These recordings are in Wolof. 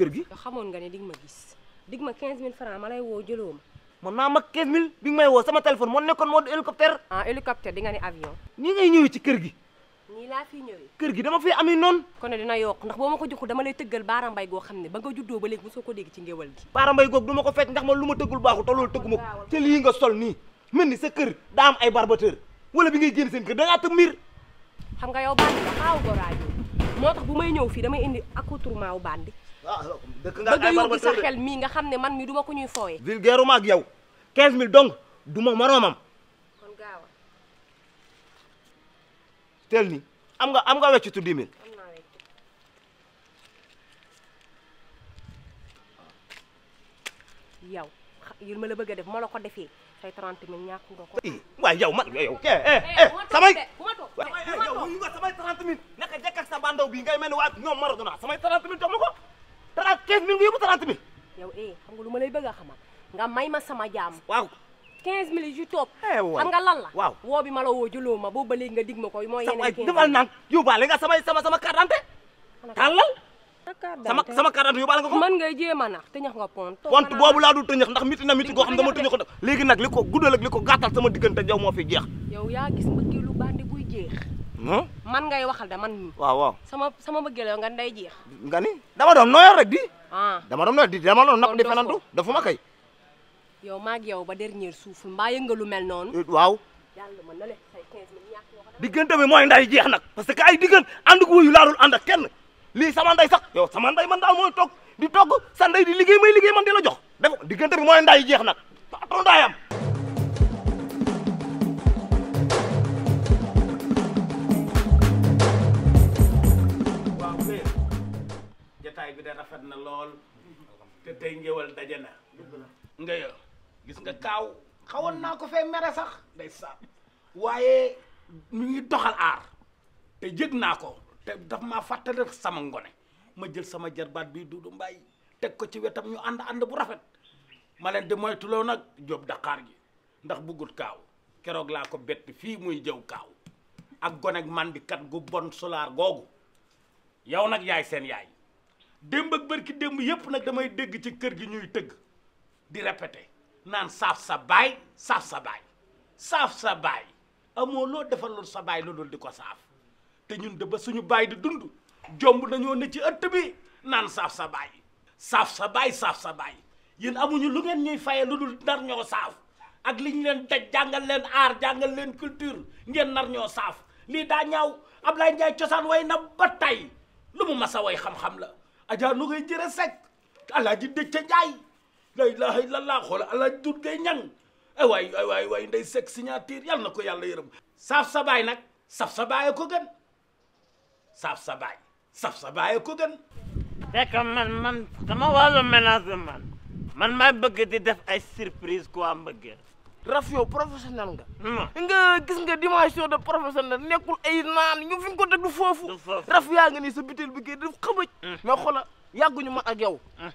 kër gi. xamoon nga ne dig ma gis dig ma 15000 francs ma lay woo jëloo ma. man maa mag 15000 bi nga may woo sama téléphone moo nekkoon moo di hélicoptère. ah hélicoptère di nga ne avion. nii ngay ñëwee ci kër gi. nii laa fi ñëwee. kër gi kon dina yokk ndax boo ma ko joxul dama lay tëggal baara mbay xam ne ba nga juddoo ba léegi mosoo ko dégg ci ngéwal gi. baara mbay du ma ko fekk ndax man lu ma tëggul baaxul te tëgguma ko lii nga sol nii mel ni sa kër daa ay barbateur wala bi ngay génn seen kër da ngaa tëg miir. xam nga yow bandi ba xaaw goraajo moo tax bu may ñëw fii damay indi accoutrement wu bandi Ah, bëgg a yóbbu sa xel mii nga xam ne man mi duma ko ñuy fooye vulgaire ma ak yow 15000 donc duma moroomam kon gaawa teel ni am nga am nga weccitu 10000 yow yéen ma la bëgg a def ma la ko defee say 30 000 ñàkk nga ko. waaye yow man yow kee eh eh, eh samay. waaye yow samay 30 sa bandaw bii ngay mel ni waa ñoom Maradona samay 30 000 jox ko. quinze mille eh, lu ma lay bëgg a xamal nga may ma sama jaam waaw quinze mille ju topp eh, xam nga la waaw woo bi ma woo jëloo ma boobu ba léegi nga dig ma ko mooy yeneen quinze defal naan yóbbaale nga samay sama sama carte d'identité tàllal sama sama carte d'identité yóbbaale nga ko man ngay jéem a nax tëñax nga pont pont boobu laa dul tëñax ndax miti na miti goo xam dama tëñax ko léegi na li ko guddal ak li ko gàttal sama diggante yow moo fi jeex yow yaa gis mbëggeelu bandi buy jeex man ngay waxal da man waaw waaw sama sama mbëggeel yow nga day jeex nga ni dama doon nooyal rek di Ah. dama doon di dama doon napp di fenantu dafa ma kay. yow maa maag yow ba dernier souffle mbaa lu mel noonu. Eh, waaw. diggante bi mooy nday jeex nag parce que ay diggante ànd ko wuyu laarul ànd ak kenn lii sama nday sax yow sama nday man daal mooy toog di togg sa nday di liggéey may liggéey man di la jox def diggante bi mooy nday jeex nag taatoo ndayam. rafet na lool te tey njëwal daje na nga yo gis nga kaaw xawoon naa ko fee mere sax day sa waaye ñu ngi doxal aar te jëg naa ko te daf maa fàttali sama ngone ma jël sama jarbaat bi du Mbaay teg ko ci wetam ñu ànd ànd bu rafet ma leen di moytuloo nag jóob daqaar gi ndax buggut kaaw keroog laa ko bett fii muy jëw kaaw ak gone ak mandikat gu bon solaar googu yow nag yaay seen yaay démb ak bërki démb yépp nag damay dégg ci kër gi ñuy tëgg di répété naan saaf sa baay saaf sa baay saaf sa baay amoo loo defaloon sa baay lu dul di ko saaf te ñun de suñu baay di dund nañoo ne ci ëtt bi naan saaf sa baay saaf sa baay saaf sa baay yéen amuñu lu ngeen ñuy faye lu dul nar ñoo saaf ak li ñu leen daj jàngal leen aar jàngal leen culture ngeen nar ñoo saaf lii daa ñaaw Ablaye Ndiaye cosaan way na ba tey lu mu masa way xam-xam la Adja nu koy jëre sec alaaji dëcc njaay la ilaha illallah xoola alaaji dut gay ñang ay waay ay waay waay nday sec na ko yàlla yërëm saaf sa baay nag saf sa baay ko gën saaf sa baay saf sa baay ko gën fekk man man sama wàllu ménage man man maa bëgg di def ay surprise am mbëggeel raf yow professionnel nga. Hmm. nga gis nga dimension de professionnel nekkul ay naan ñu fi nga ko teg du foofu. raf yaa nga ni sa butéel bi kii daf xamaj. Hmm. mais xoola yàgguñu ma ak yow. Hmm.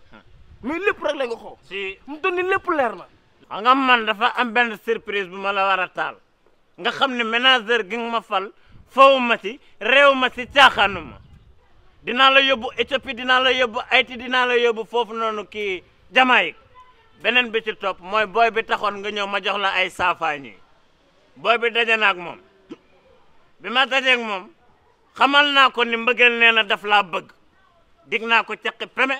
mais lépp rek la nga xoo. si mu lépp leer na. a nga man dafa am benn surprise bu ma la war a taal nga xam ne ménageur gi nga ma fal faw ma si réew ma si caaxaanu ma la yóbbu Éthiopie dinaa la yóbbu Haïti dinaa la yóbbu foofu noonu kii Jamaïque. beneen bi ci topp mooy booy bi taxoon nga ñëw ma jox la ay saafaañ yi booy bi daje ak moom bi ma dajeeg moom xamal naa ko ni mbëggeel nee na daf laa bëgg dig naa ko caqi peme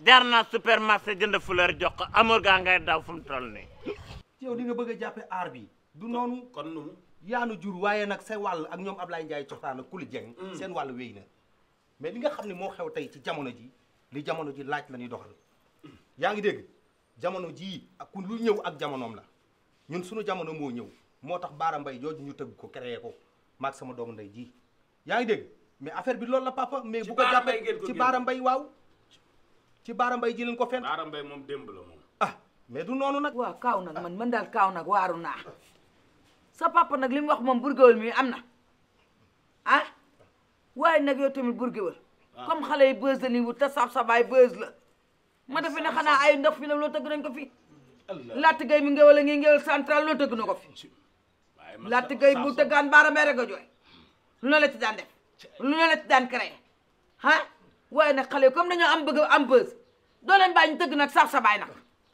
jaar naa supermarché jënd fuleur jox ko amur gaa ngay daw fu mu toll nii. yow ni nga bëgg a jàppe aar bi du noonu kon noonu nu jur waaye nag say wàll ak ñoom Ablaye Ndiaye coxtaan ak Kuli Jeng mm. seen wàll wéy mais li xam ne moo xew tey ci jamono ji li jamono ji laaj la ñuy doxal ngi dégg jamono jii ak ku lu ñëw ak jamonoom la ñun suñu jamono moo ñëw moo tax Baara Mbay jooju ñu tëgg ko créé ko maag sama doomu ndey ji yaa ngi dégg mais affaire bi loolu la papa mais bu ko jàppee ci Baara Mbay waaw ci Baara Mbay ji leen ko fen Baara Mbay moom démb ah mais du noonu nag waa kaaw nag man man daal kaaw nag waaru naa sa papa nag li wax moom burgéwal mi am na ah waaye nag yow tamit burgéwal ah. comme xale yi beuse la nii wut te sab sabaay beuse la ma defe ne xanaa ay ndox fi la loo tëgg nañ ko fi laata gay mi ngewal a ngi ngewal central loo tëgg na ko fi laata gay bu tëggaan baaramee rek a jooy lu ne la ci daan def lu ne la ci daan créé ah waaye nag xale comme dañoo am bëgg am bës doo leen bàyyi ñu tëgg nag saaf sa bàyyi nag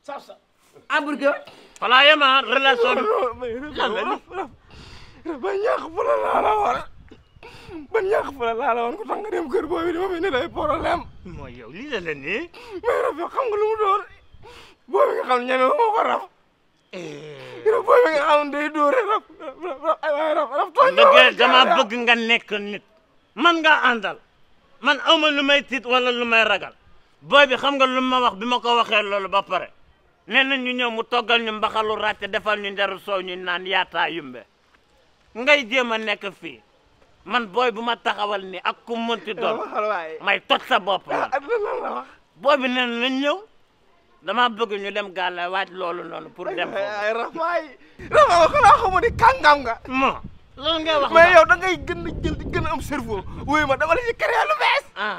saaf sa hamburger voilà yema relation bi xam nga ni ba ñàkk fu la la war ban yàq fa la laa la woon ku tax nga dem kër boobu dama ne lay problème. mooy yow lii la la nii. mais rafet xam nga lu mu door nga xam ñeme moo ko raf. Eh. yow raf raf ay raf raf. tooñ bëgg nga nekk nit man nga àndal man aw ma lu may tiit wala lu may ragal boobi xam nga lu ma wax bi ma ko waxee loolu ba pare. nee ñu ñëw mu toggal ñu mbaxalu ràcce defal ñu njaru soow ñu naan yaataa yumbe ngay jéem a nekk fii. man booy bu ma taxawal ni ak ku mënti doon may tot sa bopp man ah, ah, ah, booy bi nee nañ ñëw dama bëgg ñu dem gàlla waaj loolu noonu pour dem ay rafay rafa xanaa xamu ni nga mo loolu ngay wax mais yow da gën a jël gën a am ma dama la ci créé lu bees ah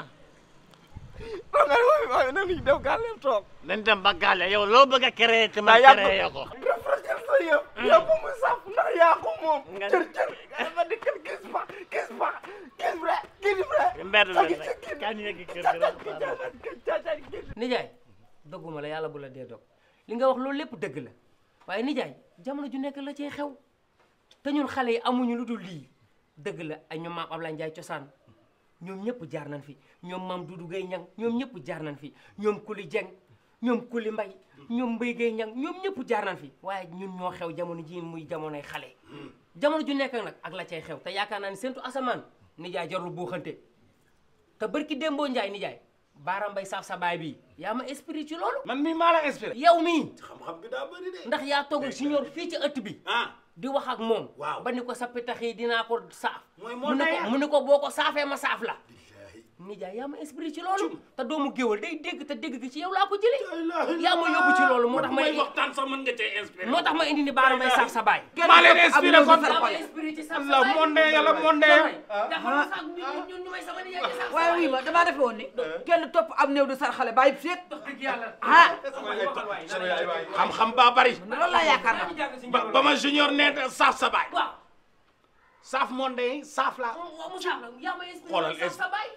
loolu dañ dem ba yow loo bëgg a créé ci ma créé yo ko dafa rafetal sa yow mm. mu saf ndax yaa ko moom cër cër Pak. gis bre gis bre. mbedd la nag kañ yegg kër gi nijaay dogguma la yàlla bu la dee dog li nga wax loolu lépp dëgg la waaye nijaay jamono ju nekk la cay xew te ñun xale yi amuñu lu dul lii dëgg la ay ñoom maam Ablaye Ndiaye cosaan ñoom ñëpp jaar nañ fi ñoom maam Doudou Gueye ñoom ñëpp jaar nañ fi ñoom Kuli Jeng ñoom Kuli Mbay ñoom Mbay Gueye ñang ñoom ñëpp jaar nañ fi waaye ñun ñoo xew jamono ji muy jamonoy xale jamono ju nekk nag ak la cay xew te yaakaar naa ni seentu asamaan nijaay jarul buuxante te barki démboo njaay nijaay baaraam bay saaf sa baay bii yaa ma inspiré ci loolu man mii maa yow mii xam-xam daa bëri ndax yaa toog junior fii ci ëtt bi ah. di wax ak moom waaw ba ko sa pitax dinaa ko saaf mu ne ko mu ne ko boo ko saafee ma saaf la nijaay yaa ma inspiré ci loolu te doomu géwal day dégg te dégg gi ci yow laa ko jëlee yaa ma yóbbu ci loolu moo tax ma waxtaan sax mën nga cee inspiré moo tax ma indi ni baara may saaf sa baay maa leen inspiré kon la monde yàlla monde ñun ñu may sama nijaay waaye wii ma damaa defe woon ni eh? kenn topp am néew di sarxale bàyyi seet ah xam-xam baa bari loolu laa yaakaar na ba ma junior ne saaf sa baay saaf monde yi saaf la xoolal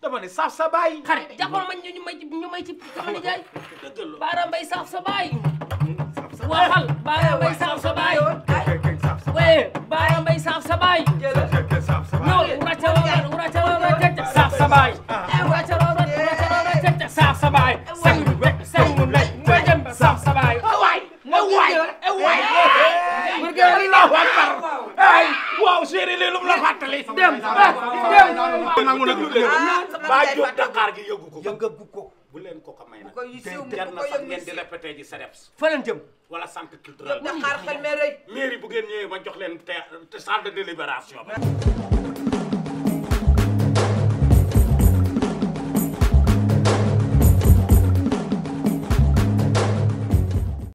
dama ne saaf sa baay. xare jàppal ma ñu may ci ñu may ci sama nijaay. dëgg la Baara Mbaye saaf sa baay. saaf sa baay waxal Baara Mbaye saaf sa baay. waaye Baara Mbaye saaf sa baay. ñëw wuraca wala wuraca wala tëj saaf sa baay. wuraca wala wuraca wala tëj saaf sa baay. sëñ bi rek sëñ bi rek mu jëm saaf sa baay. waay waay waay. waaw waaw waaw. waaw chéri li lu mu la fàttali. dem ko nangu nag ah, ba jóg Dakar gi yëgu ko yëngagu ko bu leen ko ko may nag jar na sax ngeen di répété ji CDEPS jëm wala centre culturel Dakar xel mais rëy bu ngeen ñëwee ma jox leen te salle de délibération